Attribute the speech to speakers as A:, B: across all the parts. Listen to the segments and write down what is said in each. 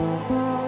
A: Música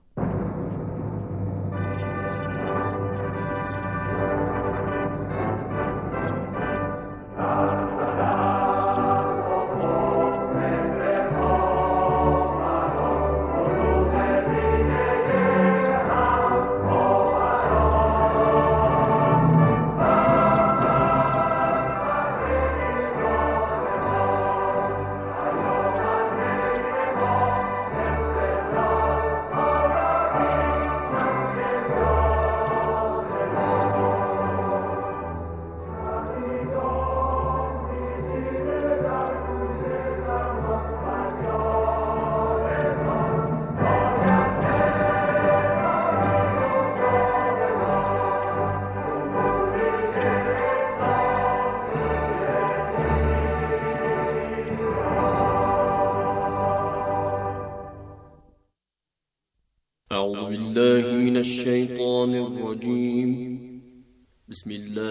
B: بسم الله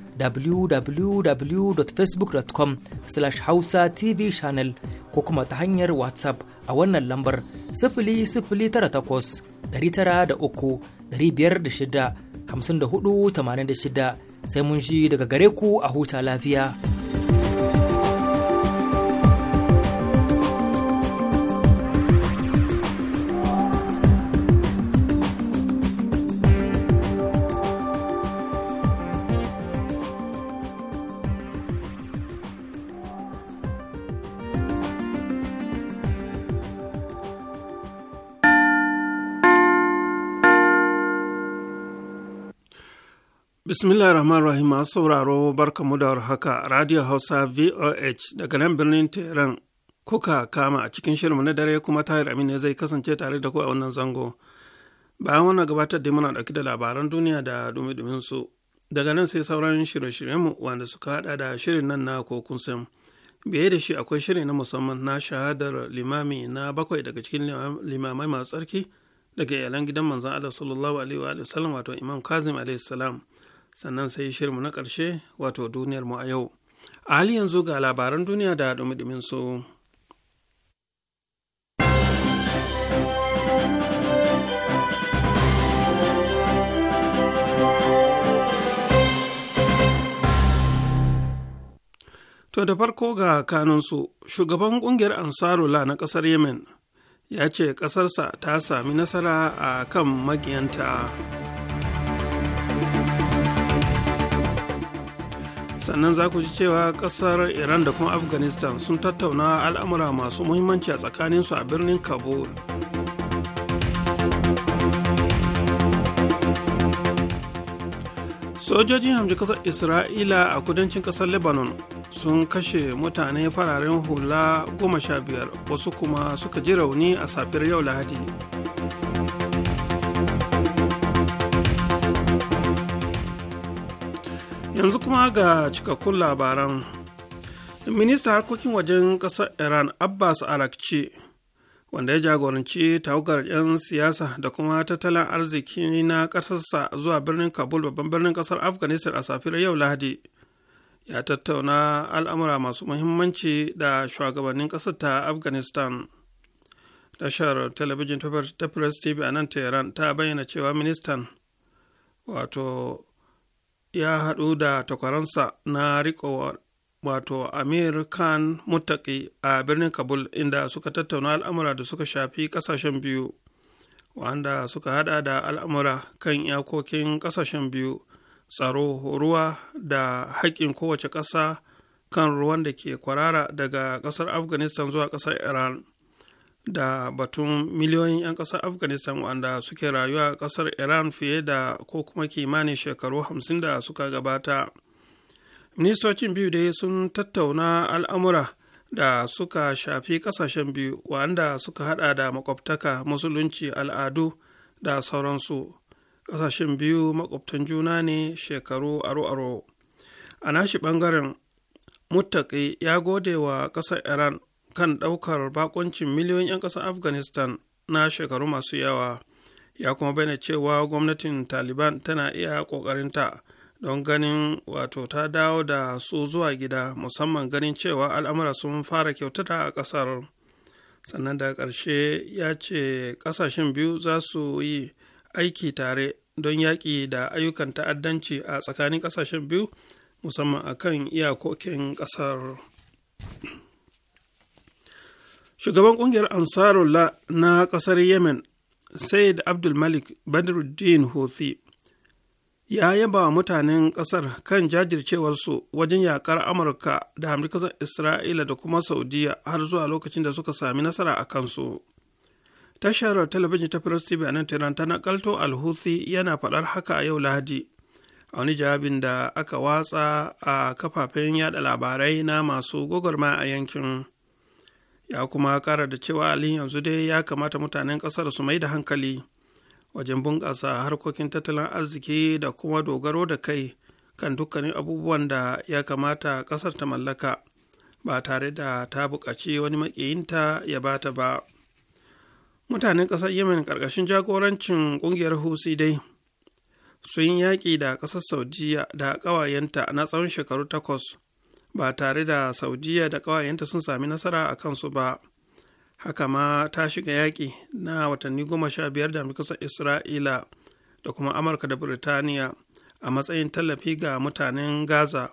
C: www.facebook.com slash hausa tv channel ko kuma ta hanyar whatsapp a wannan lambar sifili sifili da takwas tara uku biyar shida 00983 506 86 sai mun ji daga gare ku a huta lafiya.
D: Bismillah rahman rahim masu sauraro barkamu da warhaka Radio Hausa VOH daga nan birnin Tehran kuka kama a cikin shirinmu na dare kuma Tahir Aminu zai kasance tare da ku a wannan zango. Bayan wannan gabatar da muna ɗauki da labaran duniya da dumi su daga nan sai sauran shirye-shiryenmu wanda suka haɗa da shirin nan na kokun sam. Biye da shi akwai shirin na musamman na shahadar limami na bakwai daga cikin limamai masu tsarki daga iyalan gidan manzan Allah sallallahu alaihi wa sallam wato Imam Kazim alaihi salam. sannan sai shirmu na ƙarshe wato duniyar mu a yau a hali yanzu ga labaran duniya da dumi su. To da farko ga kanunsu, shugaban ƙungiyar Ansarula na ƙasar Yemen ya ce ƙasarsa ta sami nasara a kan magiyanta. sannan za ku ji cewa kasar iran da kuma afghanistan sun tattauna al'amura masu muhimmanci a tsakaninsu a birnin kabul sojojin hamji kasar isra'ila a kudancin kasar lebanon sun kashe mutane fararen hula goma sha biyar wasu kuma suka ji rauni a safiyar yau lahadi yanzu kuma ga cikakkun labaran ministan harkokin wajen ƙasar iran abbas arakci wanda ya jagoranci tawagar 'yan siyasa da kuma tattalin arziki na ƙasarsa zuwa birnin kabul babban birnin ƙasar afghanistan a safiyar yau lahadi ya tattauna al'amura masu muhimmanci da shugabannin ƙasar ta afghanistan tashar talabijin ta press tv a nan iran ta bayyana cewa ministan wato ya haɗu da takwaransa na riko wato amir khan mutaki a birnin kabul inda suka tattauna al'amura da suka shafi ƙasashen biyu wanda suka hada da al'amura kan iyakokin ƙasashen biyu tsaro ruwa da haƙƙin kowace ƙasa kan ruwan da ke kwarara daga ƙasar afghanistan zuwa ƙasar iran da batun miliyoyin 'yan ƙasar afghanistan wanda suke rayuwa a ƙasar iran fiye da ko kuma kimanin shekaru 50 da suka gabata ministocin biyu dai sun tattauna al'amura da suka shafi ƙasashen biyu wanda suka hada da makwabtaka musulunci al'adu da sauransu ƙasashen biyu makwabtan juna ne shekaru aro-aro a nashi ɓangaren muttaƙi ya gode wa ƙasar iran kan ɗaukar bakoncin miliyoyin 'yan ƙasar afghanistan na shekaru masu yawa ya kuma bayyana cewa gwamnatin taliban tana iya ƙoƙarinta don ganin wato ta dawo da su zuwa gida musamman ganin cewa al'amura sun fara kyautata a ƙasar sannan da ƙarshe ya ce ƙasashen biyu za su yi aiki tare don yaƙi da ayyukan ta'addanci a tsakanin ƙasashen biyu musamman akan iyakokin ƙasar shugaban ƙungiyar ansarullah na ƙasar yemen said Malik badruddin houthi ya yaba wa mutanen ƙasar kan jajircewarsu wajen yaƙar amurka da hamdukasar isra'ila da kuma saudiya har zuwa lokacin da suka sami nasara a kansu tashar talabijin ta firas tv a nan tehran ta nakalto alhuthi yana faɗar haka a yau lahadi a wani jawabin da aka watsa a kafafen yada labarai na masu gwagwarma a yankin ya kuma ƙara da cewa alin yanzu dai ya kamata mutanen ƙasar su mai da hankali wajen bunƙasa harkokin tattalin arziki da kuma dogaro da kai kan dukkanin abubuwan da ya kamata ƙasar ta mallaka ba tare da ta buƙaci wani maƙiyinta ya bata ba mutanen ƙasar yemen ƙarƙashin jagorancin ƙungiyar husi dai sun yaƙi da ƙasar saudiya da ƙawayenta na tsawon shekaru takwas ba tare da saudiya da ƙawayenta sun sami nasara a kansu ba haka ma ta shiga yaƙi na watanni goma sha biyar da amurkasar isra'ila da kuma amurka da birtaniya a matsayin tallafi ga mutanen gaza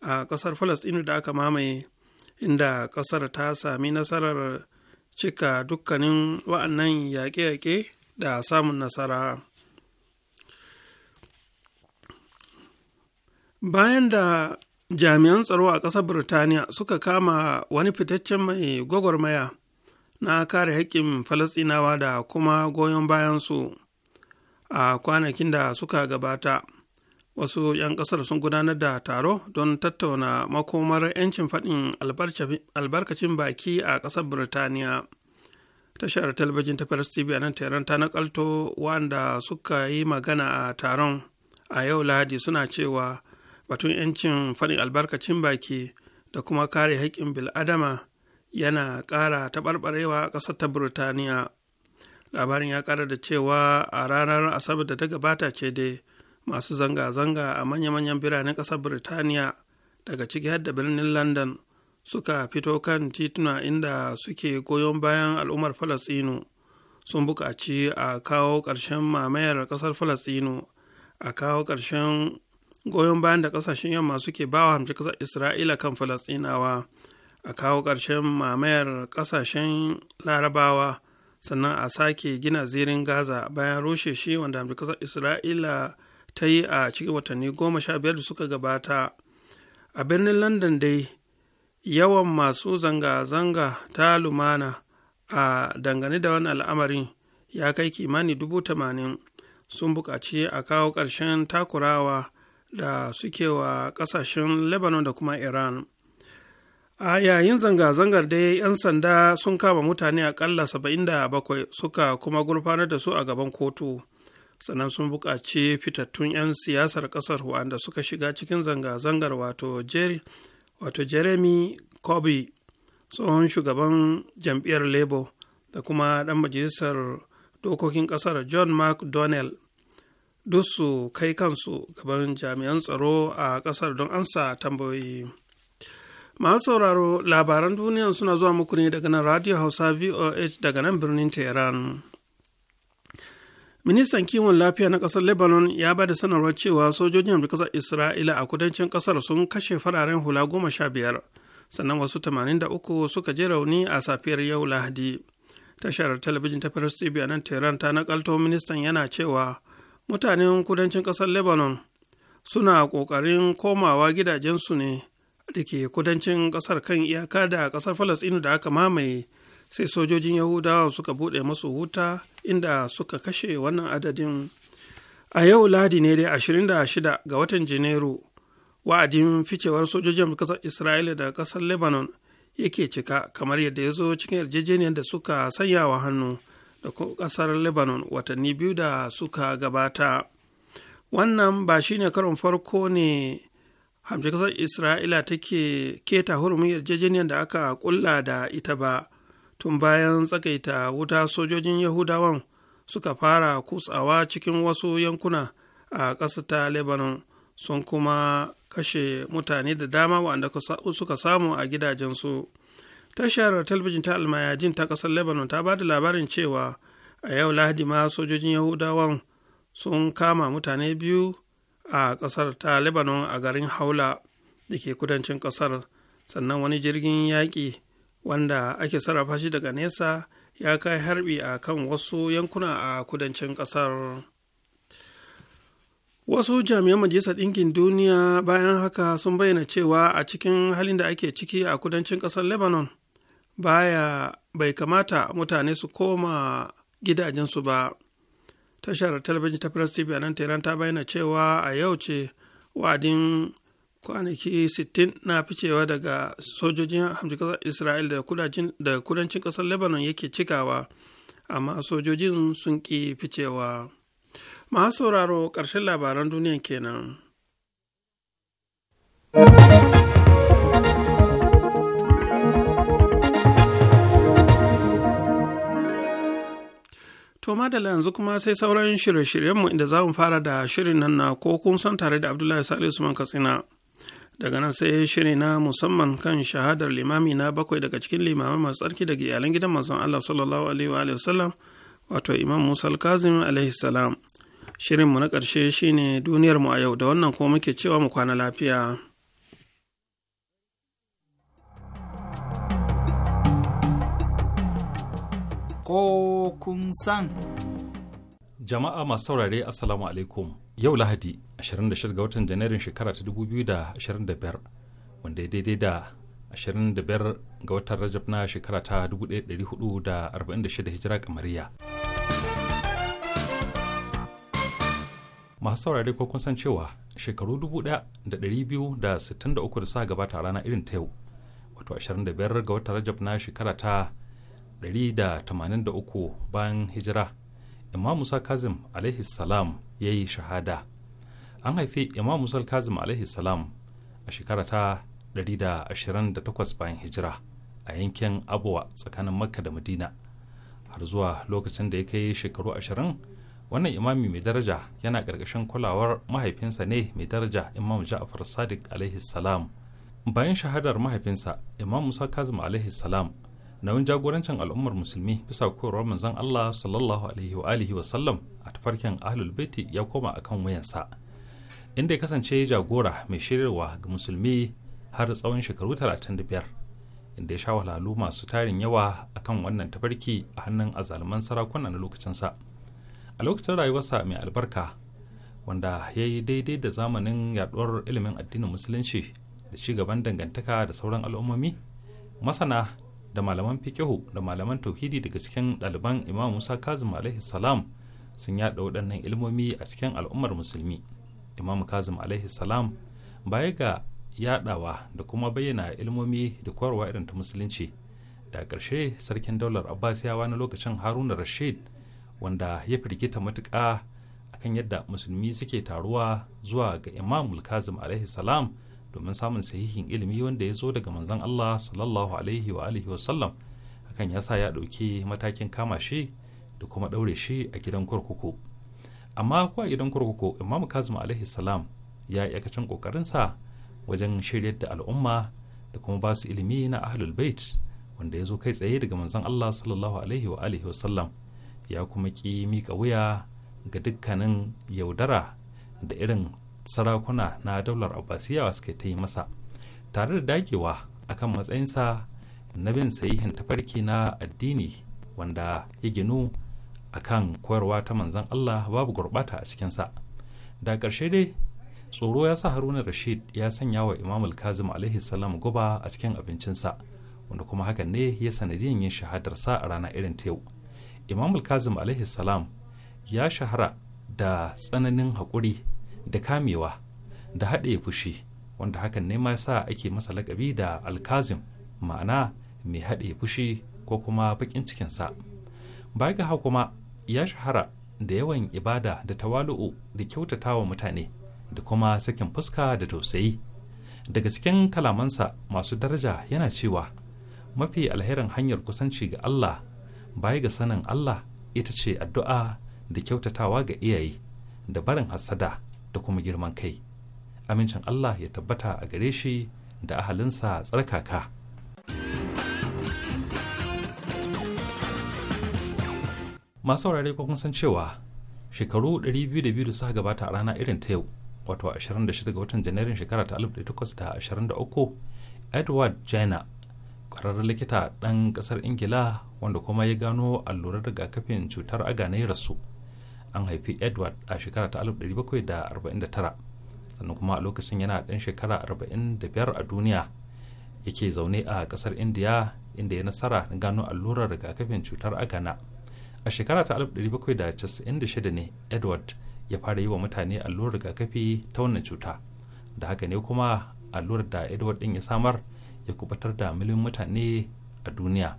D: a ƙasar falastinu da aka mamaye inda ƙasar ta sami nasarar cika dukkanin wa'annan yaƙe-yaƙe da samun nasara bayan da jami'an tsaro a ƙasar birtaniya suka kama wani fitaccen mai gwagwarmaya na kare haƙƙin falasɗinawa da kuma goyon bayansu a kwanakin da suka gabata wasu 'yan ƙasar sun gudanar da taro don tattauna makomar 'yancin faɗin albarkacin baki a ƙasar birtaniya tashar talabijin ta paris tv a nan tehran ta nakalto wanda suka yi magana a taron a yau lahadi suna cewa batun 'yancin faɗin albarkacin baki da kuma kare haƙƙin bil'adama yana ƙara taɓarɓarewa a ƙasar ta Burtaniya. Labarin ya ƙara da cewa a ranar Asabar da ta gabata ce dai masu zanga-zanga a manya-manyan biranen ƙasar Burtaniya daga ciki har da birnin London suka fito kan tituna inda suke goyon bayan al'ummar falastinu sun buƙaci a kawo ƙarshen mamayar ƙasar falastinu a kawo ƙarshen goyon bayan da kasashen yamma suke bawa hamci kasar isra'ila kan falastinawa a kawo ƙarshen mamayar kasashen larabawa sannan a sake gina zirin gaza bayan rushe shi wanda hamci kasar isra'ila ta yi a cikin watanni goma sha biyar da suka gabata a birnin london dai yawan masu zanga-zanga ta lumana a dangane da wani al'amarin ya kai kimanin dubu tamanin sun buƙaci a kawo ƙarshen takurawa da suke wa ƙasashen lebanon da kuma iran a yayin zanga-zangar dai 'yan sanda sun kama mutane akalla 77 suka kuma gurfanar da su a gaban kotu sannan sun buƙaci fitattun 'yan siyasar ƙasar wanda suka shiga cikin zanga-zangar wato wato jeremy kobe tsohon shugaban jam'iyyar labour da kuma ɗan majalisar dokokin ƙasar john mcdonnell duk su kai kansu gaban jami'an tsaro a ƙasar don ansa tambayoyi masu sauraro labaran duniya suna zuwa muku ne daga nan radio hausa voh daga nan birnin tehran ministan kiwon lafiya na ƙasar lebanon ya ba da sanarwar cewa sojojin da ƙasar isra'ila a kudancin ƙasar sun kashe fararen hula goma sha biyar sannan wasu tamanin da uku suka je rauni a safiyar yau lahadi tashar talabijin ta paris a nan tehran ta nakalto ministan yana cewa mutanen kudancin ƙasar lebanon suna ƙoƙarin komawa gidajensu ne da ke kudancin ƙasar kan iyaka da ƙasar falasɗinu da aka mamaye sai sojojin yahudawa suka buɗe masu huta inda suka kashe wannan adadin a yau ladi ne dai shida ga watan janairu wa'adin ficewar sojojin ƙasar isra'ila da ƙasar lebanon yake cika kamar yadda ya zo cikin yarjejeniyar da suka sanya wa hannu da kasar lebanon watanni biyu da suka gabata wannan ba shine karon farko ne hamshe kasar isra'ila take keta hurumin yarjejeniyar da aka ƙulla da ita ba tun bayan tsakaita wuta sojojin yahudawan suka fara kutsawa cikin wasu yankuna a ƙasa ta lebanon sun kuma kashe mutane da dama waɗanda suka samu a gidajensu tashar talabijin ta almayajin ta ƙasar lebanon ta ba da labarin cewa a yau lahadi ma sojojin yahudawan sun kama mutane biyu a ƙasar ta lebanon a garin haula da ke kudancin ƙasar sannan wani jirgin yaƙi wanda ake sarrafa shi daga nesa ya kai harbi a kan wasu yankuna a kudancin ƙasar wasu jami'an majalisar ɗinkin duniya bayan haka sun bayyana cewa a cikin halin da ake ciki a kudancin ƙasar lebanon baya bai kamata mutane su koma gidajensu ba tashar talabijin ta press tv a nan tehran ta bayyana cewa a yau ce wa'adin kwanaki 60 na ficewa daga sojojin hamshin kasar isra'il da kudancin ƙasar lebanon yake cikawa amma sojojin sun ki ficewa masu sauraro ƙarshen labaran duniya kenan. To madala yanzu kuma sai sauran shirye-shiryenmu inda za mu fara da shirin nan na ko kun san tare da Abdullahi Salisu Usman Katsina. Daga nan sai shiri na musamman kan shahadar limami na bakwai daga cikin limamai masu tsarki daga iyalan gidan manzon Allah sallallahu alaihi wa sallam wato Imam Musa al Kazim alaihi salam. Shirinmu na ƙarshe shine duniyarmu a yau da wannan ko muke cewa mu kwana lafiya.
E: ko kun san.
F: Jama'a masu saurare Assalamu alaikum yau Lahadi 26 ga watan Janairun shekara ta 2025 wanda ya daidai da 25 ga watan Rajab na shekara ta 1446 hijira kamariya. Masu saurare ko kun san cewa shekaru 1263 da sa gabata rana irin ta yau wato 25 ga watan Rajab na shekara ta 183 bayan hijira imam musa kazim alaihi salam ya yi shahada an haifi imam musa kazim alaihi salam a shekara ta 128 bayan hijira a yankin abuwa tsakanin makka da madina har zuwa lokacin da ya kai shekaru 20 wannan imami mai daraja yana ƙarƙashin kulawar mahaifinsa ne mai daraja imam ja'far sadiq alaihi salam bayan shahadar mahaifinsa imam musa kazim alaihi salam nauyin jagorancin al'ummar musulmi bisa koyarwar manzon Allah sallallahu alaihi wa alihi wa sallam a tafarkin ahlul baiti ya koma akan wayansa inda ya kasance jagora mai shiryarwa ga musulmi har tsawon shekaru 35 inda ya sha wahalhalu masu tarin yawa akan wannan tafarki a hannun azalman sarakuna na sa a lokacin rayuwarsa mai albarka wanda ya yi daidai da zamanin yaduwar ilimin addinin musulunci da ci gaban dangantaka da sauran al'ummomi masana da malaman fikihu da malaman tauhidi daga cikin ɗaliban imam musa kazim alaihi salam sun yada waɗannan ilmomi a cikin al'ummar musulmi imam kazim alaihi salam baya ga yadawa da kuma bayyana ilmomi da koyarwa irin ta musulunci da ƙarshe sarkin daular abbasiyawa na lokacin haruna rashid wanda ya firgita matuƙa akan yadda musulmi suke taruwa zuwa ga imam kazim alaihi salam domin samun sahihin ilimi wanda ya zo daga manzon Allah sallallahu alaihi wa alihi sallam hakan ya sa ya ɗauki matakin kama shi da kuma ɗaure shi a gidan kurkuku amma ko a gidan kurkuku imam kazim alaihi salam ya yi yakacin ƙoƙarinsa wajen shiryar da al'umma da kuma ba su ilimi na ahlul bait wanda ya zo kai tsaye daga manzon Allah sallallahu alaihi wa alihi sallam ya kuma ki mika wuya ga dukkanin yaudara da irin sarakuna na daular abbasiyawa suka ta yi masa tare da dagewa akan matsayinsa na bin sahihin tafarki na addini wanda ya ginu kan koyarwa ta manzan Allah babu gurbata a cikinsa da ƙarshe dai tsoro ya sa haruna rashid ya sanya wa imam kazim alaihi salam guba a cikin abincinsa wanda kuma hakan ne ya sanadiyan yin shahadarsa a rana irin ta yau imam kazim alaihi salam ya shahara da tsananin haƙuri da kamewa da haɗe fushi wanda hakan ne ma sa ake masa lakabi da alkazim ma'ana mai haɗe fushi ko kuma baƙin cikinsa baya ga kuma ya shahara da yawan ibada da tawalu'u da kyautatawa mutane da kuma sakin fuska da tausayi daga cikin kalamansa masu daraja yana cewa mafi alherin hanyar kusanci ga Allah baya ga sanin Allah ita ce addu'a da kyautatawa ga iyaye da barin hassada da kuma girman kai amincin Allah ya tabbata a gare shi da ahalinsa tsarkaka masu saurare ko kun san cewa shekaru 202 da suka gabata a rana irin ta yau wato 26 ga watan janairun shekara ta 1823 edward jenner kwararren likita ɗan ƙasar ingila wanda kuma ya gano allurar rigakafin cutar aga na rasu an haifi edward a shekara ta 1749 sannan kuma a lokacin yana dan shekara 45 a duniya yake zaune a kasar indiya inda ya nasara na gano allurar rigakafin cutar agana a shekara ta 1796 ne edward ya fara yi wa mutane allurar rigakafi ta wannan cuta da haka ne kuma allurar da edward din ya samar ya kubatar da miliyan mutane a duniya.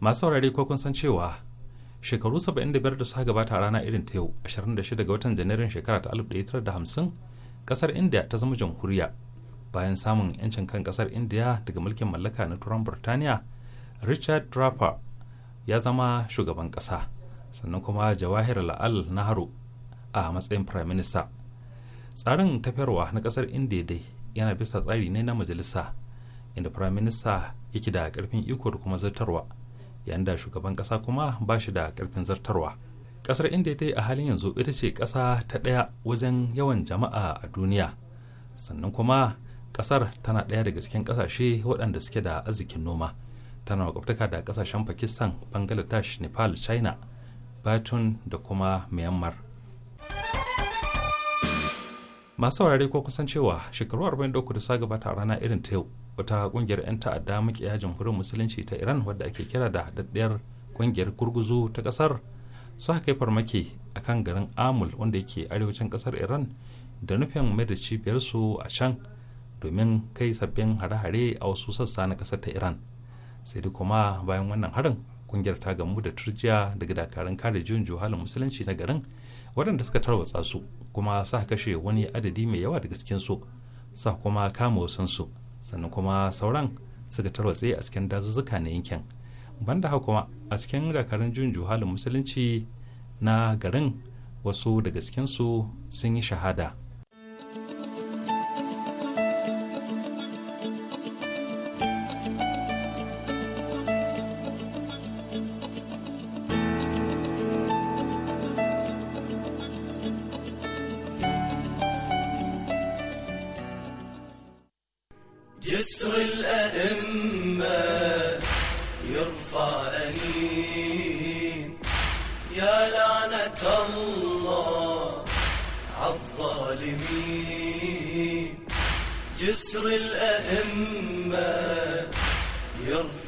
F: masu saurare ko kun san cewa shekaru 75 da suka gabata a rana irin ta yau 26 ga watan janairun shekara ta 1950 kasar india ta zama jamhuriya bayan samun yancin kan kasar india daga mulkin mallaka na turan burtaniya richard draper ya zama shugaban kasa sannan kuma jawahir la'al nahru a matsayin prime minister tsarin tafiyarwa na kasar india dai yana bisa tsari ne na majalisa inda prime minister yake da karfin iko da kuma zartarwa yayin da shugaban kasa kuma ba shi da karfin zartarwa ƙasar india dai a halin yanzu ita ce kasa ta ɗaya wajen yawan jama'a a duniya sannan kuma kasar tana ɗaya daga cikin kasashe waɗanda suke da arzikin noma tana makwabtaka da kasashen pakistan bangladesh nepal china batun da kuma myanmar masu saurare ko kusancewa shekaru 43 da sa gabata a rana irin ta yau wata kungiyar 'yan ta'adda makiya jamhuriyar musulunci ta iran wadda ake kira da haɗaɗɗiyar kungiyar gurguzu ta ƙasar su kai farmaki a kan garin amul wanda yake arewacin ƙasar iran da nufin mai da cibiyarsu a can domin kai sabbin hare-hare a wasu sassa na ƙasar ta iran sai da kuma bayan wannan harin kungiyar ta gamu da turjiya daga dakarun kare juyin juhalin musulunci na garin waɗanda suka tarwatsa su kuma sa kashe wani adadi mai yawa daga cikin su sa kuma kama wasansu sannan kuma sauran suka tarwatse a cikin dazuzzuka na yankin banda hau kuma a cikin dakarun juyin juhalin musulunci na garin wasu daga cikinsu sun yi shahada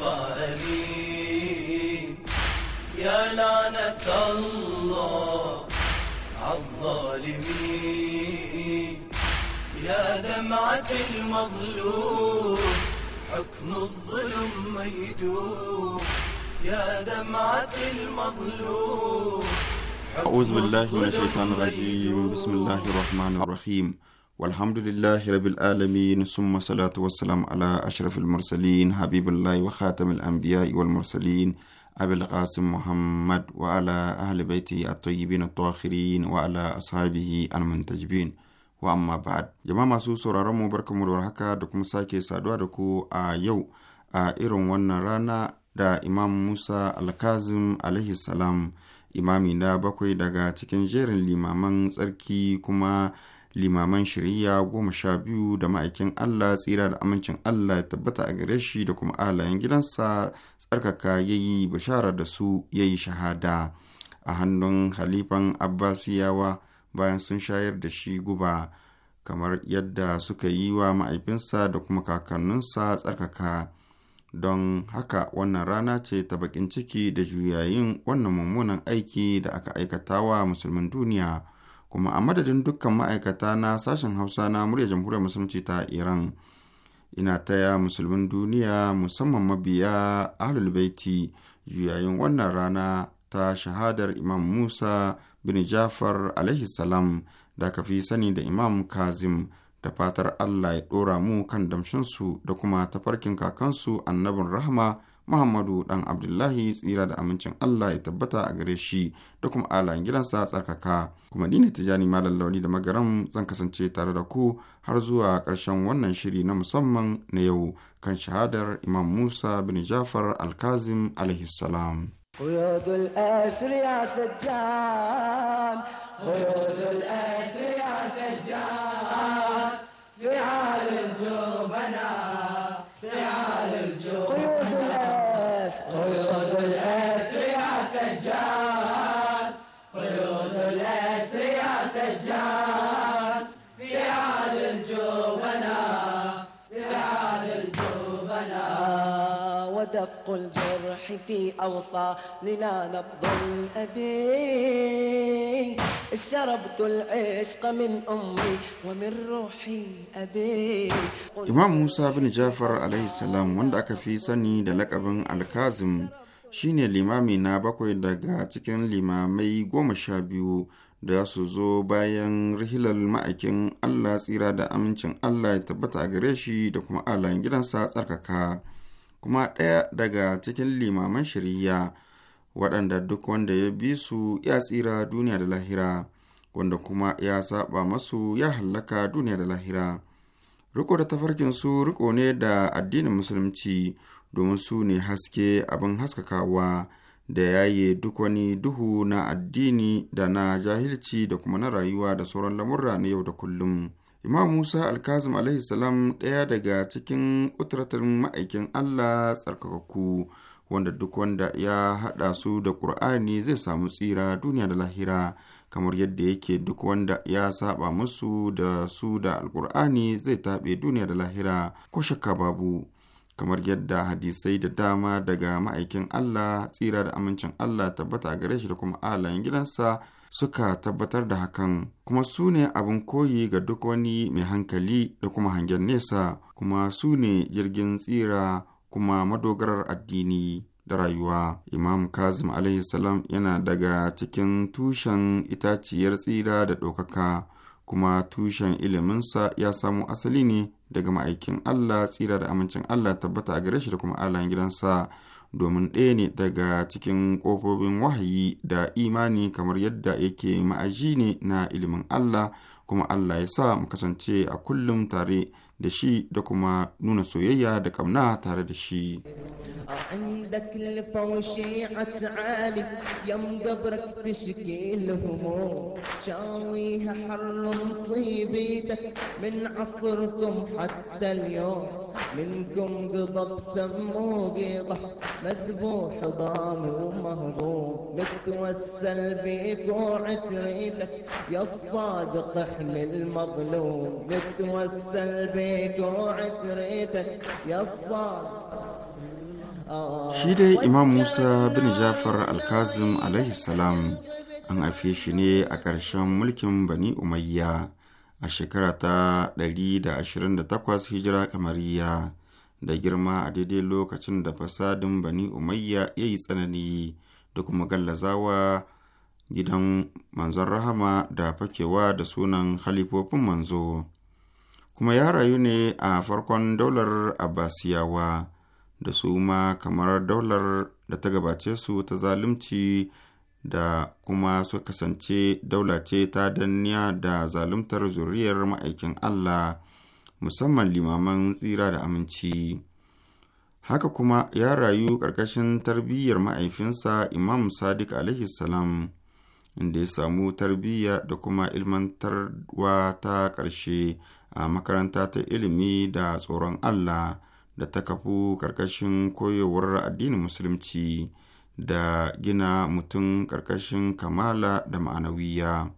E: المصطفى أمين يا لعنة الله على الظالمين يا دمعة المظلوم حكم الظلم ميدوم يا دمعة المظلوم
G: أعوذ بالله من الشيطان الرجيم بسم الله الرحمن الرحيم walhamdulillahi rabbil alamin summa salatu Salam ala ashrafil mursalin habibullahi wa khatamil anbiya'i wal mursalin abil muhammad wa ala ahli baiti at-tayyibin at-tahirin wa ala ashabihi al wa amma ba'ad jama'a masu sauraron mu barkamu da warhaka da kuma sake saduwa da ku a yau a irin wannan rana da imam musa alkazim alaihi salam imami na bakwai daga cikin jerin limaman tsarki kuma limaman shari'a goma sha biyu da ma'aikin Allah tsira da amincin Allah ya tabbata a gare shi da kuma alayen gidansa tsarkaka ya yi bishara da su ya yi shahada a hannun halifan Abbasiyawa bayan sun shayar da shi guba kamar yadda suka yi wa ma'aifinsa da kuma kakanninsa tsarkaka don haka wannan rana ce ta bakin ciki da juyayin wannan mummunan aiki da aka aikata wa musulmin duniya. kuma a madadin dukkan ma'aikata na sashen hausa na murya jamhuriyar musulunci ta iran ina taya musulmin duniya musamman mabiya ahlul baiti yayin wannan rana ta shahadar imam musa bin jafar alaihi salam da ka fi sani da imam kazim da fatar allah ya ɗora mu kan damshinsu da kuma tafarkin kakansu annabin rahma Muhammadu dan Abdullahi tsira da amincin Allah ya tabbata a gare shi da kuma alayin gidansa tsarkaka. Kuma ni ne Tijani Malam Lawli da Magaram zan kasance tare da ku har zuwa karshen wannan shiri na musamman na yau kan shahadar Imam Musa bin Jafar Alkazim kazim alaihi salam.
E: في عالم
B: دق الجرح في لنا نبض الأبي شربت العشق من أمي ومن روحي أبي
G: إمام موسى بن جعفر عليه السلام في سني دلك أبن الكازم shine limami na bakwai daga cikin limamai goma sha biyu da su zo bayan rihilar ma'aikin Allah tsira da amincin Allah ya tabbata a gare shi da kuma alayin gidansa tsarkaka. kuma ɗaya daga cikin limaman shirya, waɗanda duk wanda ya bi su ya tsira duniya da lahira wanda kuma ya saba masu ya hallaka duniya da lahira riko da tafarkin su riko ne da addinin musulunci domin su ne haske abin haskakawa da yaye duk wani duhu na addini da na jahilci da kuma na rayuwa da sauran lamurra na yau da kullum Imam Musa Alkazim alaihi salam ɗaya daga cikin ƙutratar ma'aikin Allah tsarkakakku wanda duk wanda ya haɗa su da Kur'ani zai samu tsira duniya da lahira kamar yadda yake duk wanda ya saba musu da su da Alƙur'ani zai taɓe duniya da lahira ko shakka babu kamar yadda hadisai da dama daga ma'aikin Allah tsira da amincin Allah tabbata gare shi da kuma alayen gidansa suka tabbatar da hakan kuma su ne abin koyi ga duk wani mai hankali da kuma hangen nesa kuma su ne jirgin tsira kuma madogarar addini da rayuwa imam kazim alaihi salam yana daga cikin tushen itaciyar tsira da ɗaukaka kuma tushen iliminsa ya samo asali ne daga ma'aikin allah tsira da amincin allah tabbata a gare shi da kuma allah gidansa domin ɗaya ne daga cikin ƙofofin wahayi da imani kamar yadda yake ma'aji ne na ilimin Allah kuma Allah ya sa mu kasance a kullum tare da shi da kuma nuna soyayya da kamna tare da shi.
B: عندك للفو شيعة عالي يم قبرك من عصركم حتى اليوم منكم قضب سمو قيضة مذبوح ضامي ومهضوم نتوسل بيك وعتريتك يا الصادق احمي المظلوم نتوسل
G: shi dai imam musa bin jafar alkazim alaihi salam an haife shi ne a ƙarshen mulkin bani umayya a shekara ta 128 hijira kamariya da girma a daidai lokacin da fasadin bani umayya ya yi tsanani da kuma gallazawa gidan manzon rahama da fakewa da sunan halifofin manzo kuma ya rayu ne a farkon daular Abbasiyawa da su ma kamar daular da ta gabace su ta zalunci da kuma su kasance daula ce ta danniya da zaluntar zuriyar ma'aikin Allah musamman limaman tsira da aminci. Haka kuma ya rayu ƙarƙashin tarbiyyar ma'aifinsa Imam Sadiq alaihi salam inda ya samu tarbiyya da kuma ilmantarwa ta ƙarshe a makaranta ta ilimi da tsoron Allah da ta kafu ƙarƙashin koyewar addinin musulunci da gina mutum ƙarƙashin kamala da ma'anawiya.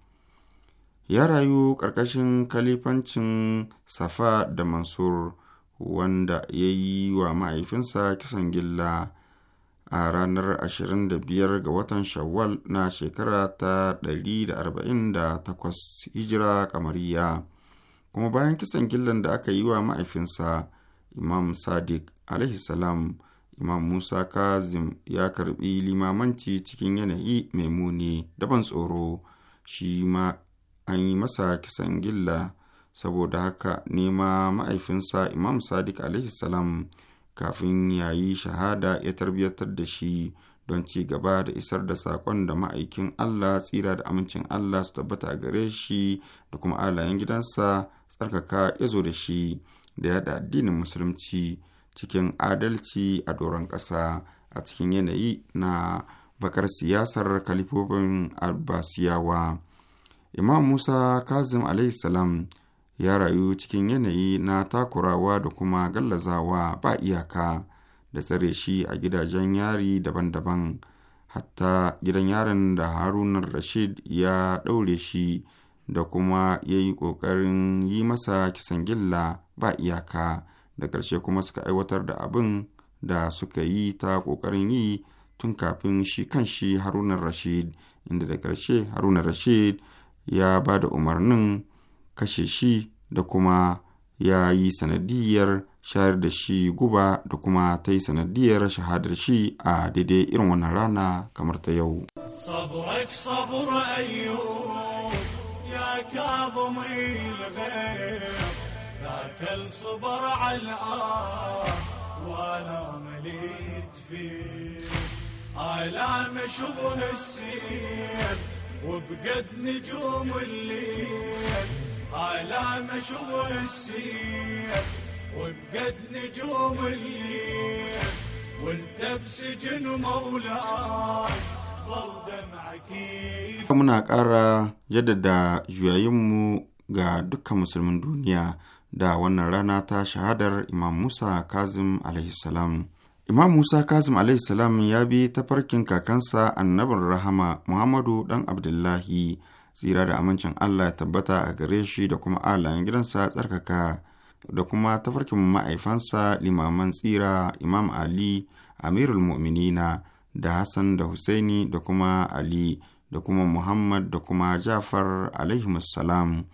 G: Ya rayu ƙarƙashin kalifancin Safa da Mansur wanda ya yi wa mahaifinsa kisan gilla a ranar 25 ga watan Shawwal na shekara ta 148 Hijira kamariya. kuma bayan kisan gillan da aka yi wa ma'aifinsa imam sadiq alaihi salam imam musa kazim ya karbi limamanci cikin yanayi mai muni daban tsoro shi ma an yi masa kisan gilla saboda haka nema ma'aifinsa imam sadiq alaihi salam kafin yayi shahada ya tarbiyyatar da shi don ci gaba da isar da saƙon da ma'aikin Allah tsira da amincin Allah su tabbata a gare shi da kuma alayen gidansa tsarkaka ya zo da shi da yaɗa addinin musulunci cikin adalci a doron ƙasa a cikin yanayi na bakar siyasar kalifofin albasiyawa. imam musa kazim salam ya rayu cikin yanayi na takurawa da kuma gallazawa ba iyaka da tsare shi a gidajen yari daban-daban hatta gidan yaron da harunan rashid ya ɗaure shi da kuma ya yi ƙoƙarin yi masa kisan gilla ba iyaka da ƙarshe kuma suka aiwatar da abin da suka yi ta ƙoƙarin yi tun kafin shi kan shi harunan rashid inda da ƙarshe harunan rashid ya ba da umarnin kashe shi da kuma ya yi sanadiyar shayar da shi guba da kuma ta yi sanadiyar shahadar shi a daidai irin wannan rana kamar ta yau.
E: الصبر شبه السير وبقد نجوم الليل على مشوق السير وبقد نجوم الليل وانت بسجن مولاي
G: muna ƙara jaddada juyayinmu ga dukkan musulmin duniya da wannan rana ta shahadar imam musa kazim salam. imam musa kazim salam ya bi tafarkin kakansa annabin rahama muhammadu dan abdullahi tsira da amincin Allah ya tabbata a gare shi da kuma alayen gidansa tsarkaka da kuma tafarkin ma'aifansa limaman tsira Imam Ali Amirul Mu'minina da Hassan da Husaini da kuma Ali da kuma Muhammad da kuma Jafar salam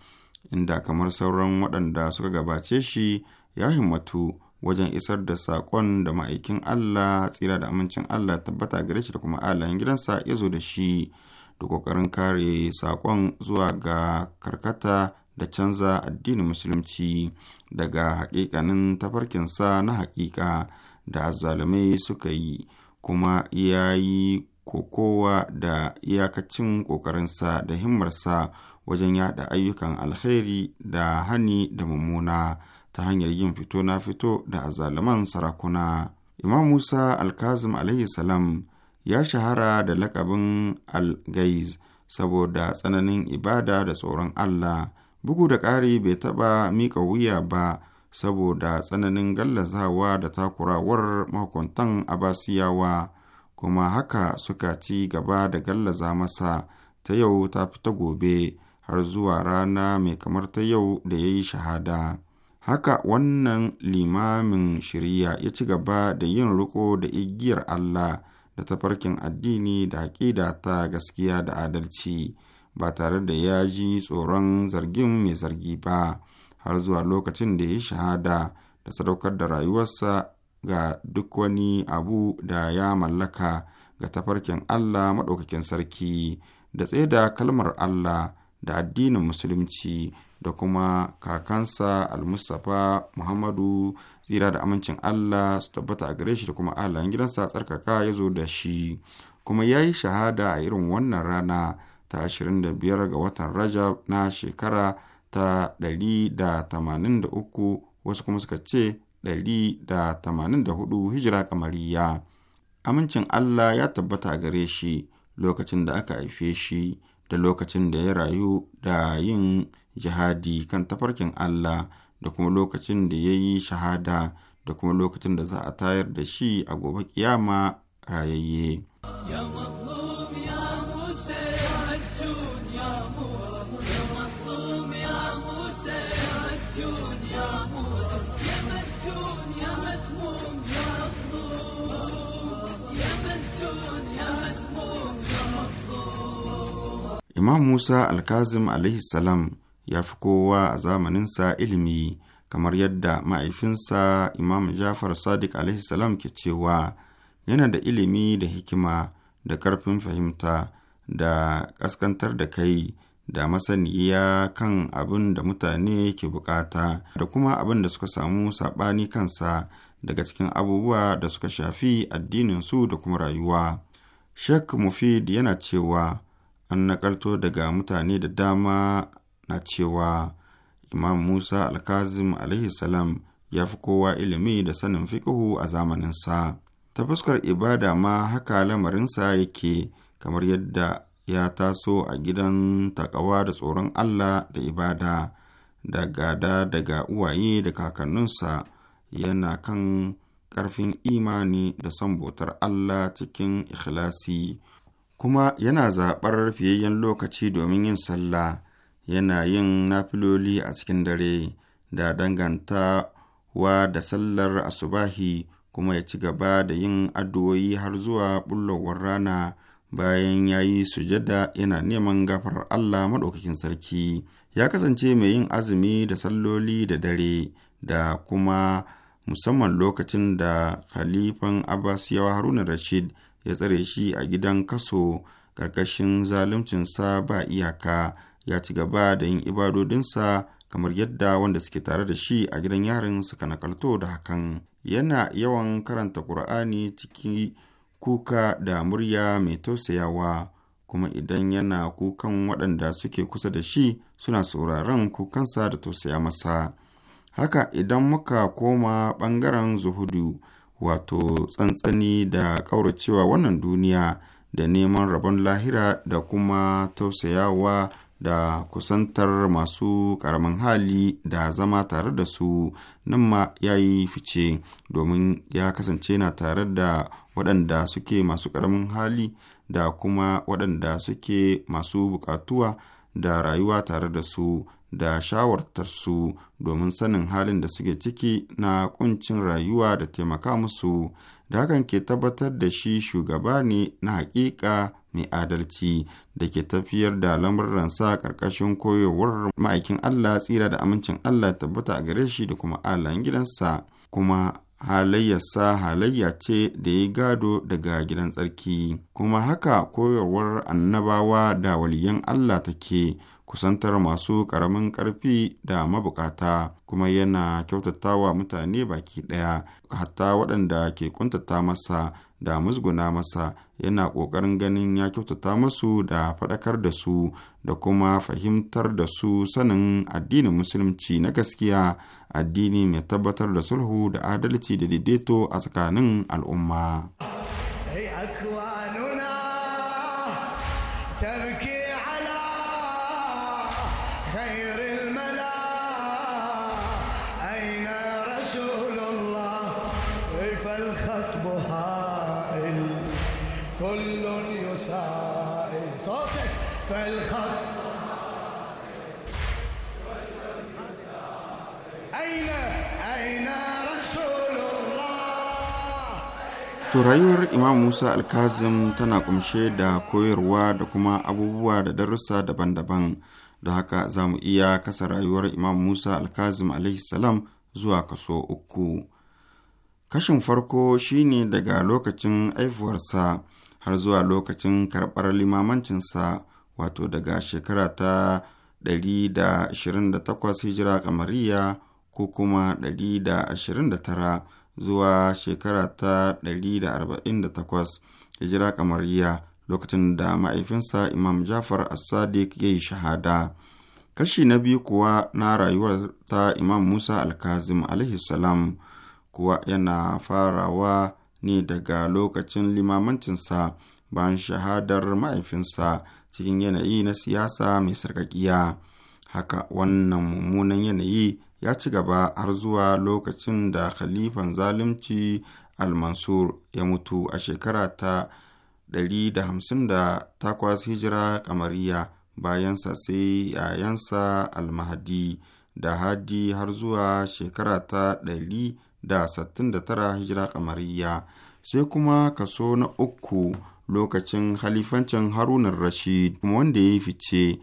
G: inda kamar sauran waɗanda suka gabace shi ya himmatu wajen isar da saƙon da ma'aikin Allah tsira da amincin Allah tabbata gare shi da kuma alayen gidansa ya zo da shi. da ƙoƙarin kare saƙon zuwa ga karkata da canza addinin musulunci daga haƙiƙanin tafarkinsa na haƙiƙa da azzalumai suka yi kuma ya yi kokowa da iyakacin ƙoƙarinsa da himmarsa wajen yada ayyukan alkhairi da hani da mummuna ta hanyar yin fito na fito da azzaluman sarakuna imam musa alkazim alaihi salam ya shahara da lakabin al-gaiz saboda tsananin ibada da tsoron Allah bugu da ƙari bai taɓa mika wuya ba saboda tsananin gallazawa da takurawar mahukuntan abasiyawa kuma haka suka ci gaba da gallaza masa ta yau ta fita gobe har zuwa rana mai kamar ta yau da ya yi shahada haka wannan limamin shirya ya ci gaba da yin riko da igiyar Allah da tafarkin addini da haƙida ta gaskiya da adalci ba tare da ya ji tsoron zargin mai zargi ba har zuwa lokacin da ya yi shahada da sadaukar da rayuwarsa ga duk wani abu da ya mallaka ga tafarkin Allah maɗaukakin sarki da tsaida kalmar Allah da addinin musulunci da kuma kakansa Al almustapha muhammadu tsira da amincin Allah su tabbata a gare shi da kuma Allah gidansa tsarkaka ya zo da shi kuma ya yi shahada a irin wannan rana ta 25 ga watan Rajab na shekara ta 183 wasu kuma suka ce 184 hijira kamariya. Amincin Allah ya tabbata a gare shi lokacin da aka haife shi da lokacin da ya rayu da yin jihadi kan tafarkin Allah da kuma lokacin da ya yi shahada da kuma lokacin da za a tayar da shi a gobe kiyama rayayye. Imam Musa Alkazim alaihi salam ya fi kowa a zamaninsa ilimi kamar yadda ma'aifinsa imam jafar sadiq alaihi ke cewa yana da ilimi da hikima da karfin fahimta da kaskantar da kai da masaniya kan abin da mutane ke bukata da kuma abin da suka samu saɓani kansa daga cikin abubuwa da suka shafi addininsu da kuma rayuwa. Sheikh Mufid yana cewa an nakalto daga mutane da dama na cewa imam musa alkazim salam ya fi kowa ilimi da sanin fikihu a zamaninsa ta fuskar ibada ma haka lamarinsa yake kamar yadda ya taso a gidan takawa da tsoron allah da ibada da gada daga uwaye da kakanninsa yana kan ƙarfin imani da son bautar allah cikin ikhlasi kuma yana zaɓar fiyayyen lokaci domin yin sallah yana yin nafiloli a cikin dare da dangantawa da sallar asubahi kuma ya ci gaba da yin addu'o'i har zuwa bullowar rana bayan ya yi sujada yana neman gafar Allah maɗaukakin sarki ya kasance mai yin azumi da salloli da dare da kuma musamman lokacin da khalifan Abbasiyawa Haruna Rashid ya tsare shi a gidan kaso ƙarƙashin zaluncinsa ba iyaka ya ci gaba da yin ibadodinsa kamar yadda wanda suke tare da shi a gidan yarin suka nakalto da hakan yana yawan karanta ƙur'ani cikin kuka da murya mai tausayawa kuma idan yana kukan waɗanda suke kusa da shi suna sauraron kukansa da tausaya masa haka idan muka koma ɓangaren zuhudu wato tsantsani da ƙauracewa wannan duniya da neman rabon lahira da kuma tausayawa da kusantar masu ƙaramin hali da zama tare da su nan ma ya yi fice domin ya kasance na tare da waɗanda suke masu ƙaramin hali da kuma waɗanda suke masu buƙatuwa da rayuwa tare da su da shawartarsu domin sanin halin da suke ciki na kuncin rayuwa da taimaka musu da hakan ke tabbatar da shi shugaba ne na hakika mai adalci da ke tafiyar da lamuransa ƙarƙashin koyowar ma'aikin Allah tsira da amincin Allah tabbata a gare shi da kuma Allahn gidansa kuma halayyarsa halayya ce da ya gado daga gidan tsarki kuma haka koyarwar annabawa da waliyan Allah take kusantar masu ƙaramin ƙarfi da mabukata kuma yana kyautatawa mutane baki ɗaya hatta waɗanda ke kuntata masa da musguna masa yana ƙoƙarin ganin ya kyautata masu da faɗakar da su da kuma fahimtar da su sanin addinin musulunci na gaskiya addini mai tabbatar da sulhu da adalci da daidaito a tsakanin al'umma. To rayuwar Imam Musa Alkazim tana kumshe da koyarwa da kuma abubuwa da darussa daban-daban, da haka za mu iya kasa rayuwar Imam Musa Alkazim salam zuwa kaso uku. Kashin farko shine daga lokacin aifuwarsa har zuwa lokacin karɓar limamancinsa, wato daga shekara ta 128 hijira kamariya ko kuma 129 zuwa shekara ta 148 hijira kamariya lokacin da ma'aifinsa imam jafar as-sadiq ya yi shahada kashi na biyu kuwa na rayuwar ta imam musa Al-Kazim salam kuwa yana farawa ne daga lokacin limamancinsa bayan shahadar ma'aifinsa cikin yanayi na siyasa mai sarkakiya haka wannan mummunan yanayi ya ci gaba har zuwa lokacin da khalifan zalunci al-mansur ya mutu a shekara ta 158 hijira kamariya bayansa sai yayansa al-mahadi da hadi har zuwa shekara ta 169 hijira kamariya sai kuma kaso na uku lokacin halifancin harunan rashid wanda ya yi fice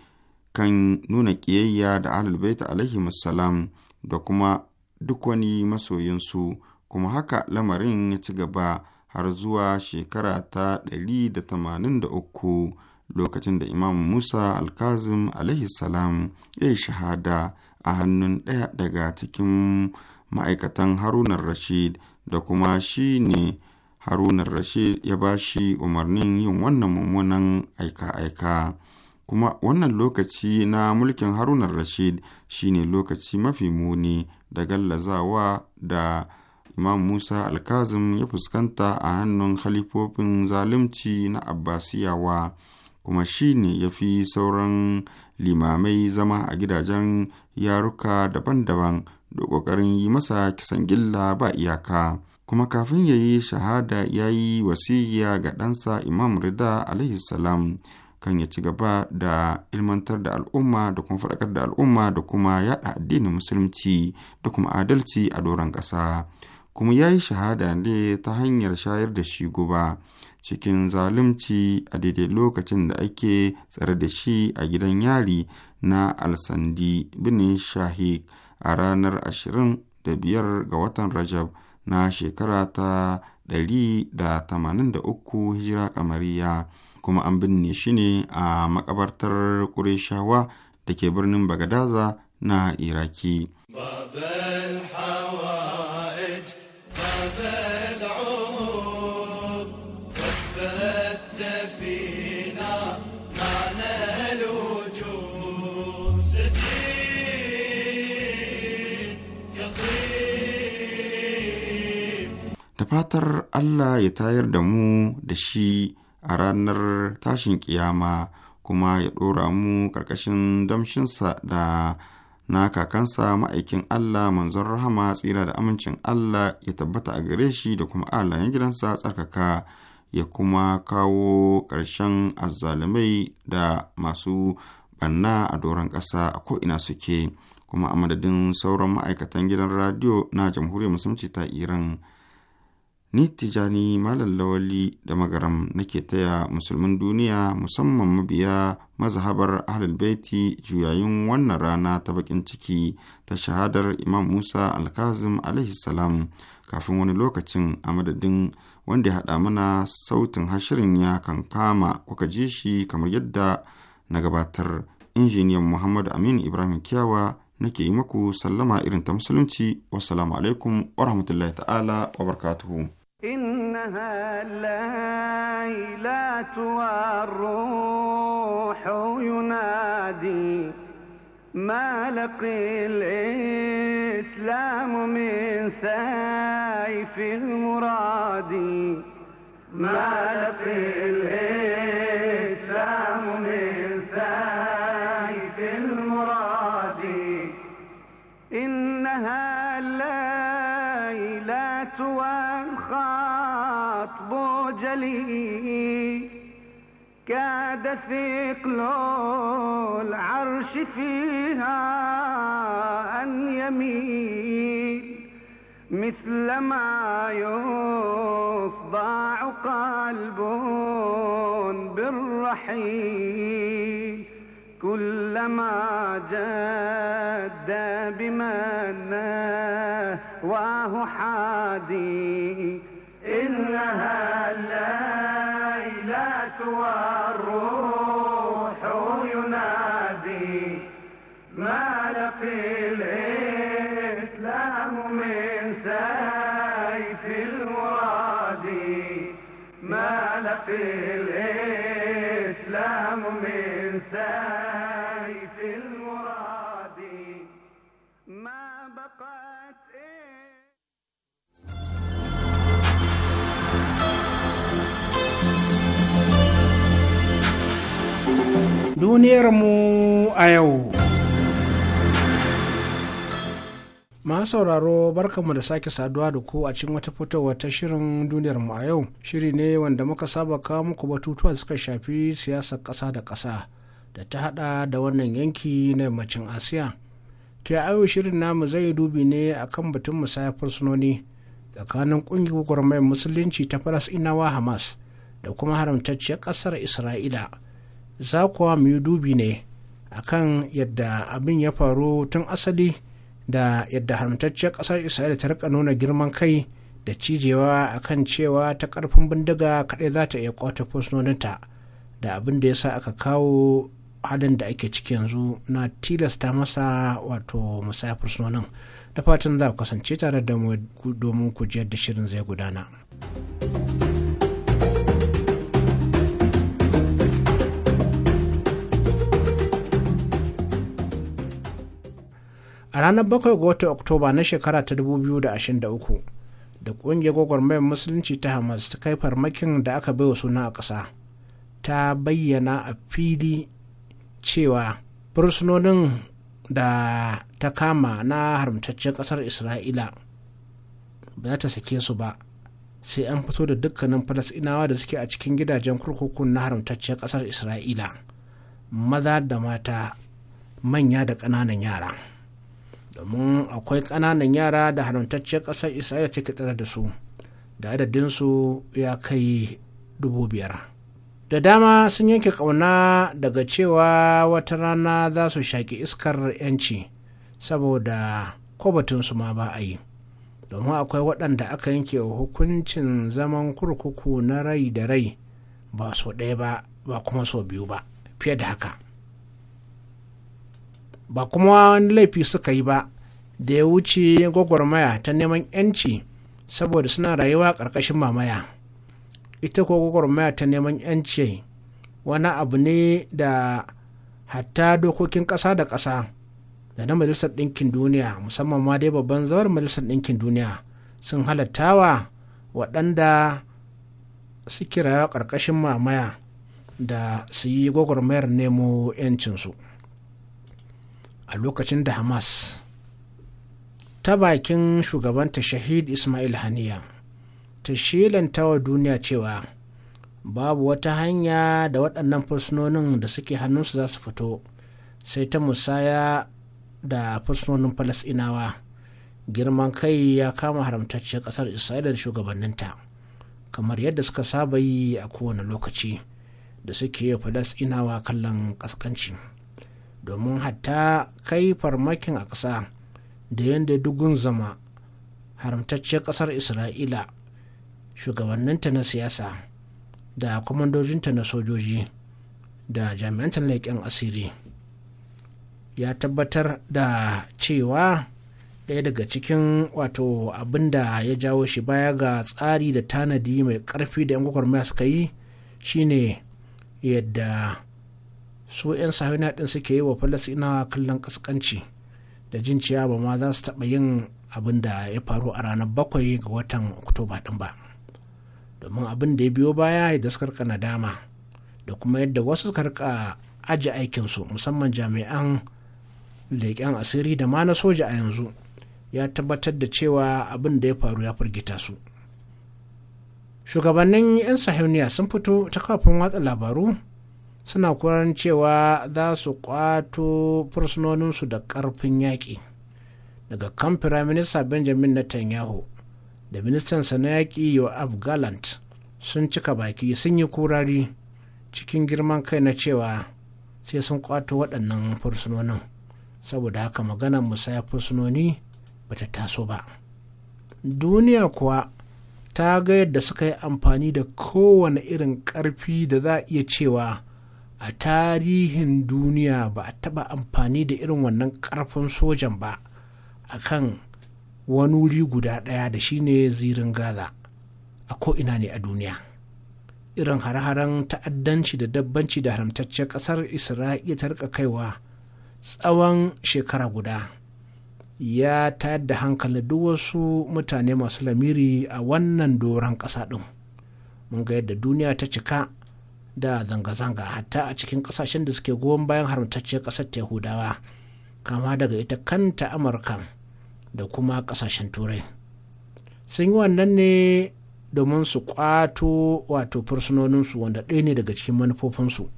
G: kan nuna ƙiyayya da ahlul alaihi musallam da kuma duk wani masoyinsu kuma haka lamarin ya ci gaba har zuwa shekara ta 183 lokacin da imam musa alkazim salam ya yi shahada a hannun ɗaya daga cikin ma'aikatan harunan rashid da kuma shi ne harunan rashid ya ba shi umarnin yin wannan mummunan aika-aika kuma wannan lokaci na mulkin harunan rashid shine lokaci mafi muni da gallazawa da imam musa alkazim ya fuskanta a hannun halifofin zalunci na abbasiyawa kuma shine ya fi sauran limamai zama a gidajen yaruka daban-daban da ƙoƙarin yi masa kisan gilla ba iyaka kuma kafin ya yi shahada ya yi wasiya ga ɗansa imam rida alaihissalam kan ya ci gaba da ilmantar da al'umma da kuma faɗakar da al'umma da kuma yaɗa addinin musulunci da kuma adalci a doron ƙasa kuma ya yi shahada ne ta hanyar shayar da shi guba cikin zalunci a daidai lokacin da ake tsare da shi a gidan yari na alsandi binin shahik a ranar 25 ga watan rajab na shekara ta 183 hijira kamariya kuma an binne shi ne a makabartar Qurayshawa da ke birnin Bagadaza na Iraki. fatar Allah ya tayar da mu da shi a ranar tashin kiyama kuma ya ɗora mu ƙarƙashin damshinsa da na kakansa ma'aikin Allah manzon rahama tsira da amincin Allah ya tabbata a gare shi da kuma ya gidansa tsarkaka ya kuma kawo ƙarshen azzalumai da masu banna a doron ƙasa a ko'ina suke kuma a madadin sauran ma'aikatan gidan radiyo na jamhuriyar musulunci ta iran ni tijani malam lawali da magaram nake taya musulmin duniya musamman mabiya mazhabar ahlul baiti juyayin wannan rana ta bakin ciki ta shahadar imam musa alkazim alaihi kafin wani lokacin a madadin wanda ya hada mana sautin hashirin ya kan kama kuka ji shi kamar yadda na gabatar injiniyan muhammadu amin ibrahim kyawa نكي إيمكو سلما إرنت مسلمتي والسلام عليكم ورحمة الله تعالى وبركاته إنها
E: الليلة والروح ينادي ما لقي الإسلام من سيف المراد ما لقي الإسلام عنوان خاطب جلي كاد ثقل العرش فيها أن يميل مثل ما يصدع قلب بالرحيل كلما جد بمنه دعواه حادي إنها الليلة والروح ينادي ما لقي الإسلام من سيف المرادي ما لقي الإسلام من سيف
H: duniyarmu a yau. ma sauraro barkanmu da sake saduwa da ku a cikin wata fitowa ta shirin mu a yau. Shiri ne wanda muka saba kawo muku batutuwa suka shafi siyasar ƙasa da ƙasa da ta hada da wannan yanki na yammacin Asiya. Ta ayo shirin namu zai yi dubi ne a kan batun musayar fursunoni tsakanin ƙungiyar musulunci ta Falasɗinawa Hamas da kuma haramtacciyar ƙasar Isra'ila. za kuwa mu yi dubi ne a kan yadda abin ya faru tun asali da yadda haramtacciyar ƙasar isra'ila ta rika nuna girman kai da cijewa a kan cewa ta ƙarfin bindiga kaɗai za ta iya kwata fursunoninta da abin da ya sa aka kawo halin da ake ciki yanzu na tilasta masa wato musaya fursunonin da fatan za ku kasance tare da mu domin ku da shirin zai gudana. a ranar 7 ga watan oktoba na shekara ta 2023 da ƙungiyar gwagwarmayar musulunci ta hamas ta kai farmakin da aka baiwa suna a ƙasa ta bayyana a fili cewa fursunonin da ta kama na haramtaccen ƙasar isra'ila ba za ta sake su ba sai an fito da dukkanin falasinawa da suke a cikin gidajen kurkukun na haramtaccen ƙasar isra'ila maza da mata manya da ƙananan yara. domin akwai ƙananan yara da haramtacciyar ƙasar isra'ila take da su da adadinsu ya kai dubu biyar da dama sun yanke ƙauna daga cewa wata rana za su shaƙi iskar 'yanci saboda ko ma ba a yi domin akwai waɗanda aka yanke hukuncin zaman kurkuku na rai da rai ba so ɗaya ba ba kuma so biyu ba fiye da haka ba kuma wani laifi suka yi ba da ya wuce gwagwarmaya ta neman 'yanci saboda suna rayuwa ƙarƙashin mamaya ita ko gwagwarmaya ta neman 'yanci wani abu ne da hatta dokokin ƙasa da ƙasa da na majalisar ɗinkin duniya musamman ma dai babban zawar majalisar ɗinkin duniya sun halattawa waɗanda suke rayuwa ƙarƙashin mamaya da su yi gwagwarmayar nemo 'yancinsu. a lokacin da hamas ta bakin shugabanta shahid ismail haniya ta shilanta wa duniya cewa babu wata hanya da waɗannan fursunonin da suke hannunsu za su fito sai ta musaya da fursunonin falasinawa girman kai ya kama haramtacciyar ƙasar isra'ila da shugabanninta kamar yadda suka saba yi a kowane lokaci da suke falasinawa kallon ƙasƙanci. domin hatta kai farmakin a ƙasa da yadda dugun zama haramtacciyar ƙasar isra'ila shugabanninta na siyasa da kwamandojinta na sojoji da jami'anta leƙen asiri ya tabbatar da cewa ɗaya daga cikin wato abin da ya jawo shi baya ga tsari da tanadi mai ƙarfi da 'yan gwagwarmaya suka yi shine yadda su 'yan sahuna ɗin suke yi wa kallon ƙasƙanci da jin ciya ma za su taɓa yin abin da ya faru a ranar bakwai ga watan oktoba ɗin ba domin abin da ya biyo baya ya da suka rika nadama da kuma yadda wasu suka rika aji aikinsu musamman jami'an leƙen asiri da ma na soja a yanzu ya tabbatar da cewa abin da ya faru ya firgita su shugabannin 'yan sahuniya sun fito ta kafin watsa labaru suna kuran cewa za su kwato fursunoninsu da ƙarfin yaƙi daga kan firaminista benjamin netanyahu da ministansa na yaƙi yoav gallant sun cika baki sun yi kurari cikin girman kai na cewa sai sun kwato waɗannan fursunonin saboda haka maganar musaya fursunoni ba ta taso ba duniya kuwa ta ga yadda suka yi amfani da kowane irin ƙarfi da za a iya cewa a tarihin duniya ba a taɓa amfani da irin wannan ƙarfin sojan ba a kan wani wuri guda ɗaya da shi ne zirin gaza a ko'ina ne a duniya irin hare-haren ta'addanci da dabbanci da haramtaccen ƙasar isra'ila ta rika kaiwa tsawon shekara guda ya tayar da hankali duk wasu mutane masu lamiri a wannan doron ƙasa ɗin mun ga yadda duniya ta cika da zanga-zanga hatta a cikin kasashen da suke goyon bayan haramtacciyar kasar yahudawa kama daga ita kanta amurka da kuma ƙasashen turai sun yi wannan ne domin su kwato wato fursunoninsu wanda ɗaya ne daga cikin manufofinsu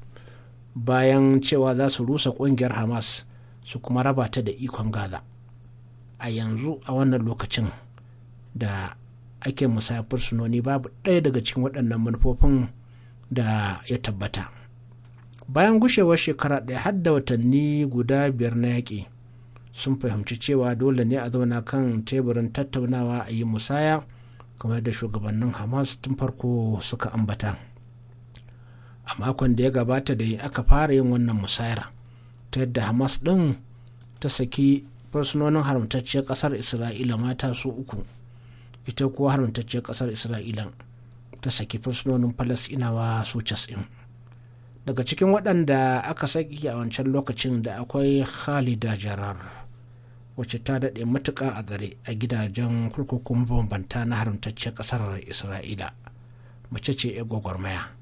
H: bayan cewa za su rusa ƙungiyar hamas su kuma raba ta da ikon gaza a yanzu a wannan lokacin da ake musayar fursunoni babu ɗaya daga cikin waɗannan manufofin da ya tabbata bayan gushewar shekara ɗaya har da watanni guda biyar na yaƙi sun fahimci cewa dole ne a zauna kan teburin tattaunawa a yi musaya kamar da shugabannin hamas tun farko suka ambata a makon da ya gabata da aka fara yin wannan musayar ta yadda hamas ɗin ta saki fursunonin haramtacciyar ƙasar isra'ila mata su uku ita kuwa haramtacciyar ƙasar isra'ila ta saki fursunonin falasinawa su in daga cikin waɗanda aka saki a wancan lokacin da akwai khalida jarar wacce ta daɗe matuƙa a zare a gidajen kurkukun bambanta na haramtaccen ƙasar isra'ila mace ce ya gwagwarmaya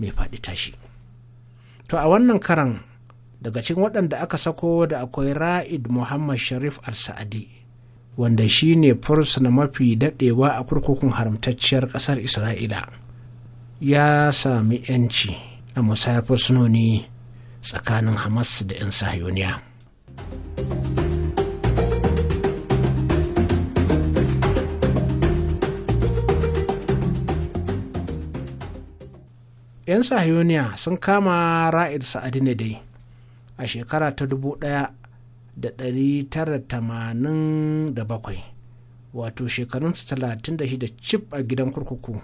H: mai faɗi tashi to a wannan karan daga cikin waɗanda aka sako da akwai ra'id muhammad sharif al-sa'adi wanda shi ne fursuna mafi daɗewa a kurkukun haramtacciyar ƙasar isra'ila ya sami 'yanci a musayar fursunoni tsakanin hamas da 'yan sahiyoniya yan sahiyoniya sun kama ra'id sa'adi ne dai a shekara ta ɗaya. 1987 wato shekarunsa 36 cip a gidan kurkuku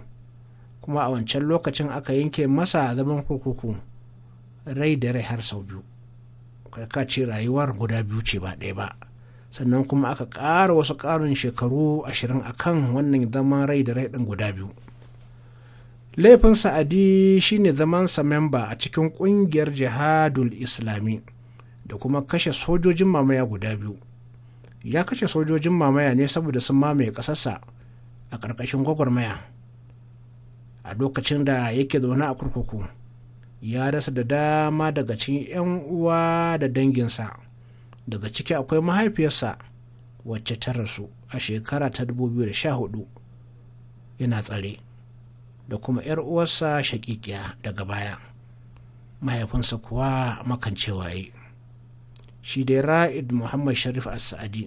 H: kuma a wancan lokacin aka yanke masa zaman kurkuku rai da rai har sau biyu ka ce rayuwar guda biyu ce ba ɗaya ba sannan kuma aka ƙara wasu ƙarin shekaru ashirin a kan wannan zaman rai da rai ɗin guda biyu laifin sa'adi shine zaman sa memba a cikin ƙungiyar jihadul islami da kuma kashe sojojin mamaya guda biyu ya kashe sojojin mamaya ne saboda sun mamaye ƙasarsa a ƙarƙashin gwagwarmaya a lokacin da yake zaune a kurkuku ya rasa da dama daga cikin 'yan uwa da danginsa daga ciki akwai mahaifiyarsa wacce ta rasu a shekara ta 2014 yana tsare da kuma 'yar uwarsa shaƙiƙiya daga baya mahaifinsa kuwa makancewa yi shi dai ra'id muhammad sharif asadi saadi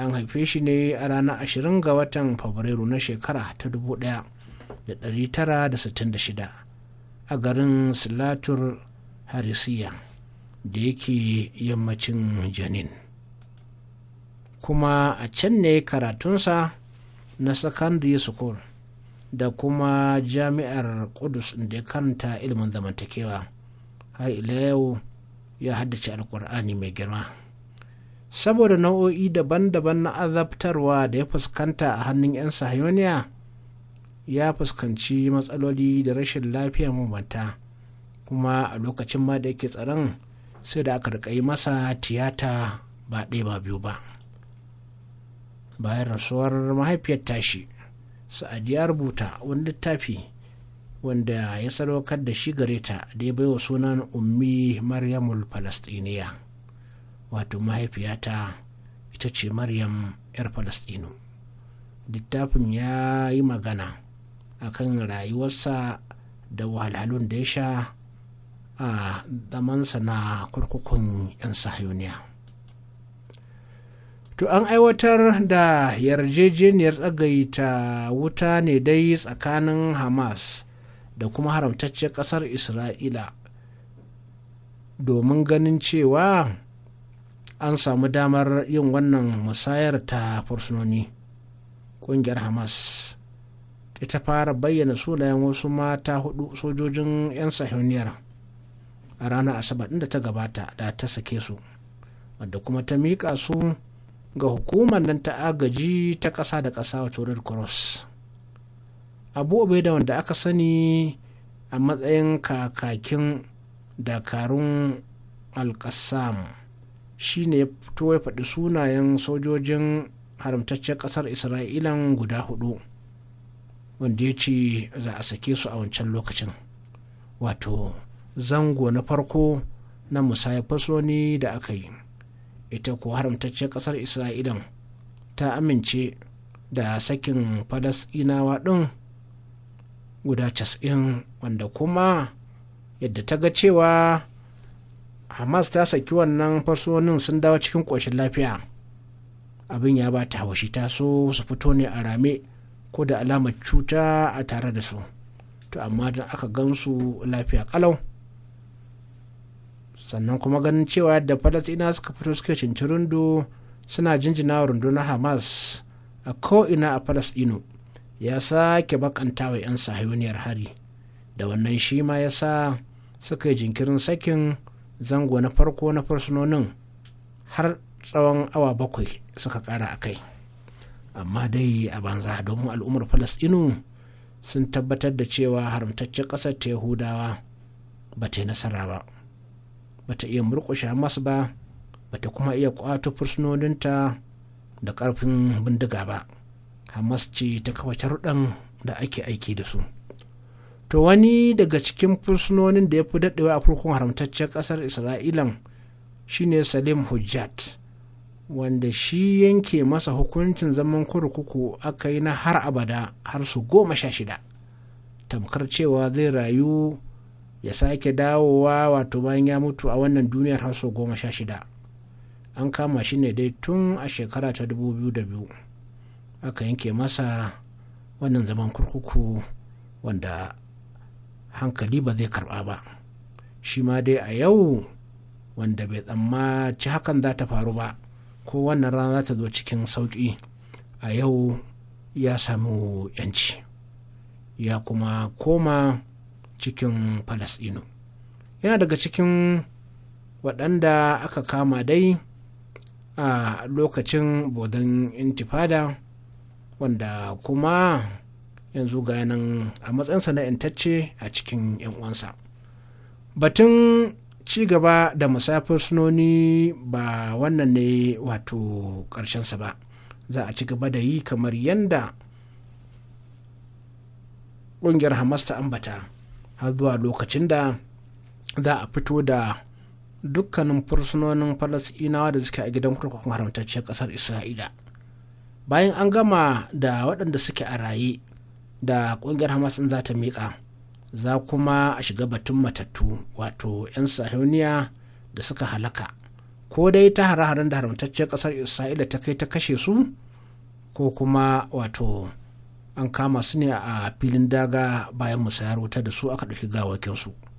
H: an haife shi ne a ranar 20 ga watan fabrairu na shekara ta shida a garin silatur harisiya da yake yammacin janin kuma a can ne karatunsa na secondary school da kuma jami'ar kudus da ya karanta ilimin zamantakewa har ila yau ya haddace alkur'ani mai girma saboda nau'o'i daban-daban na azabtarwa da ya fuskanta a hannun 'yan sahayoniya ya fuskanci matsaloli da rashin lafiya mabanta kuma a lokacin ma da yake tsaron sai da aka rika masa tiyata ba ɗaya ba biyu ba bayan rasuwar mahaifiyar tashi sa'ad ya rubuta wani littafi wanda ya sadaukar da shi gare ta da ya bai wa sunan ummi maryamul falastiniya wato mahaifiyata ita ce maryam 'yar falastinu littafin ya yi magana a kan rayuwarsa da wahalhalun da ya sha a zamansa na kurkukun 'yan sahayoniya to an aiwatar da yarjejeniyar tsagaita wuta ne dai tsakanin hamas da kuma haramtacciyar ƙasar isra'ila domin ganin cewa an samu damar yin wannan musayar ta fursunoni ƙungiyar hamas ita fara bayyana sunayen wasu mata hudu sojojin 'yan sahiyoniyar a ranar asabar da ta gabata da ta sake su wadda kuma ta miƙa su ga hukumar nan ta agaji ta ƙasa da ƙasa wato red cross abu da wanda aka sani a matsayin kakakin dakarun alkassam shi ne ya fito ya faɗi sunayen sojojin haramtaccen ƙasar isra'ilan guda hudu wanda ya ce za a sake su a wancan lokacin wato zango na farko na musayafasoni da aka yi ita ko haramtaccen ƙasar isra'ilan ta amince da sakin falasɗinawa ɗin guda casa'in wanda kuma yadda ta ga cewa hamas ta saki wannan fasonin sun dawo cikin ƙoshin lafiya abin ya ba ta haushi ta so su fito ne a rame ko da alamar cuta a tare da su to amma da aka gansu lafiya kalau sannan kuma ganin cewa yadda falasina suka fito suke rundu suna jinjina rundunar hamas a ko'ina a falasino ya sake bakanta wa 'yan sahuniyar hari da wannan shi ma ya sa suka yi jinkirin sakin zango na farko na fursunonin har tsawon awa bakwai suka kara a kai amma dai a banza domin al'ummar falasɗinu sun tabbatar da cewa haramtaccen ƙasar ta yahudawa ba ta yi nasara ba ba ta iya murƙushe masu ba ba ta kuma iya ƙwato fursunoninta da ƙarfin bindiga ba hamas ce ta kafa da ake aiki da su to wani daga cikin fursunonin da ya fi daɗewa a kurkun haramtaccen ƙasar isra'ilan shine salim hujjat wanda shi yanke masa hukuncin zaman kurkuku aka yi na har abada har su goma sha shida tamkar cewa zai rayu ya sake dawowa wato bayan ya mutu a wannan duniyar har su goma sha shida an kama shi ne dai tun a shekara ta 2002 aka yanke masa wannan zaman kurkuku wanda hankali ba zai karba ba shi ma dai a yau wanda bai tsammaci hakan za ta faru ba ko wannan rana za ta zo cikin sauƙi a yau ya samu yanci ya kuma koma cikin falasɗinu yana daga cikin waɗanda aka kama dai a lokacin bodan intifada wanda kuma yanzu ga a matsayinsa na yantacce a cikin 'yan uwansa batun ci gaba da musafir sunoni ba wannan ne wato ƙarshensa ba za a ci gaba da yi kamar yadda ƙungiyar hamas ta ambata har zuwa lokacin da za a fito da dukkanin fursunonin falasɗinawa da suke a gidan kurkukun haramtacciyar ƙasar isra'ila bayan an gama da waɗanda suke a raye da ƙungiyar hamas za ta miƙa za kuma a shiga batun matattu wato 'yan sahuniya da suka halaka ko dai ta hare-haren da haramtacciyar ƙasar isra'ila ta kai ta kashe su ko kuma wato an kama su ne a filin daga bayan musayar wuta da su aka ɗauki gawakinsu. su